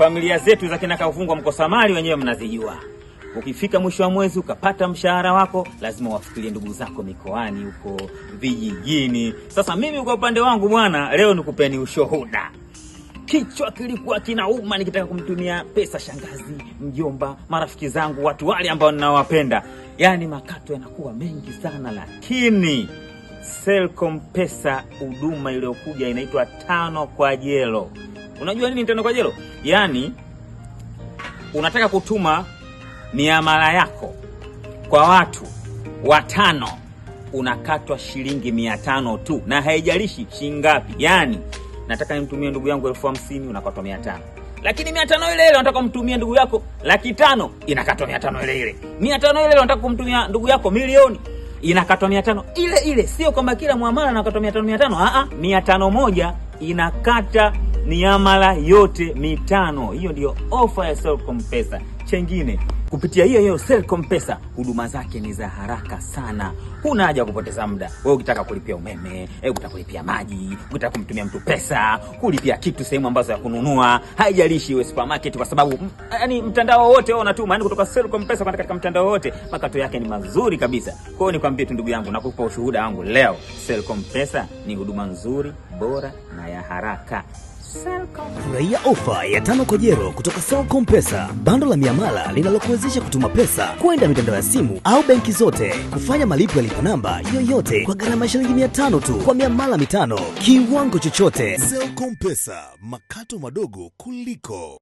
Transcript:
familia zetu za kina Kavungwa Mkosamali wenyewe mnazijua. Ukifika mwisho wa mwezi ukapata mshahara wako, lazima wafikirie ndugu zako mikoani huko vijijini. Sasa mimi kwa upande wangu bwana, leo nikupeni ushuhuda. Kichwa kilikuwa kinauma nikitaka kumtumia pesa shangazi, mjomba, marafiki zangu, watu wale ambao ninawapenda, yaani makato yanakuwa mengi sana, lakini Selcom Pesa huduma iliyokuja inaitwa tano kwa jelo Unajua nini kwa jelo? Yaani unataka kutuma miamala yako kwa watu watano, unakatwa shilingi mia tano tu, na haijalishi shilingi ngapi. Yaani nataka nimtumie ndugu yangu elfu hamsini unakatwa mia tano lakini mia tano ile ile unataka kumtumia ndugu yako laki tano inakatwa mia tano ile ile. Mia tano ile ile unataka kumtumia ndugu yako milioni inakatwa mia tano ile ile. Sio kwamba kila muamala nakatwa mia tano mia tano. Aa, mia tano moja inakata miamala yote mitano. Hiyo ndio ofa ya Selcom Pesa. Chengine kupitia hiyo hiyo Selcom Pesa, huduma zake ni za haraka sana, huna haja kupoteza muda. Wewe ukitaka kulipia umeme, eh, ukitaka kulipia maji, ukitaka kumtumia mtu pesa, kulipia kitu sehemu ambazo ya kununua, haijalishi iwe supermarket, kwa sababu mm, yani mtandao wote wao unatuma, yani kutoka Selcom Pesa kwenda katika mtandao wote, makato yake ni mazuri kabisa. Kwa hiyo nikwambie tu ndugu yangu, nakupa ushuhuda wangu leo, Selcom Pesa ni huduma nzuri, bora na ya haraka. Furahia ofa ya tano kwa jero kutoka Selcom Pesa, bando la miamala linalokuwezesha kutuma pesa kwenda mitandao ya simu au benki zote, kufanya malipo ya lipa namba yoyote kwa gharama ya shilingi mia tano tu kwa miamala mitano, kiwango chochote. Selcom Pesa, makato madogo kuliko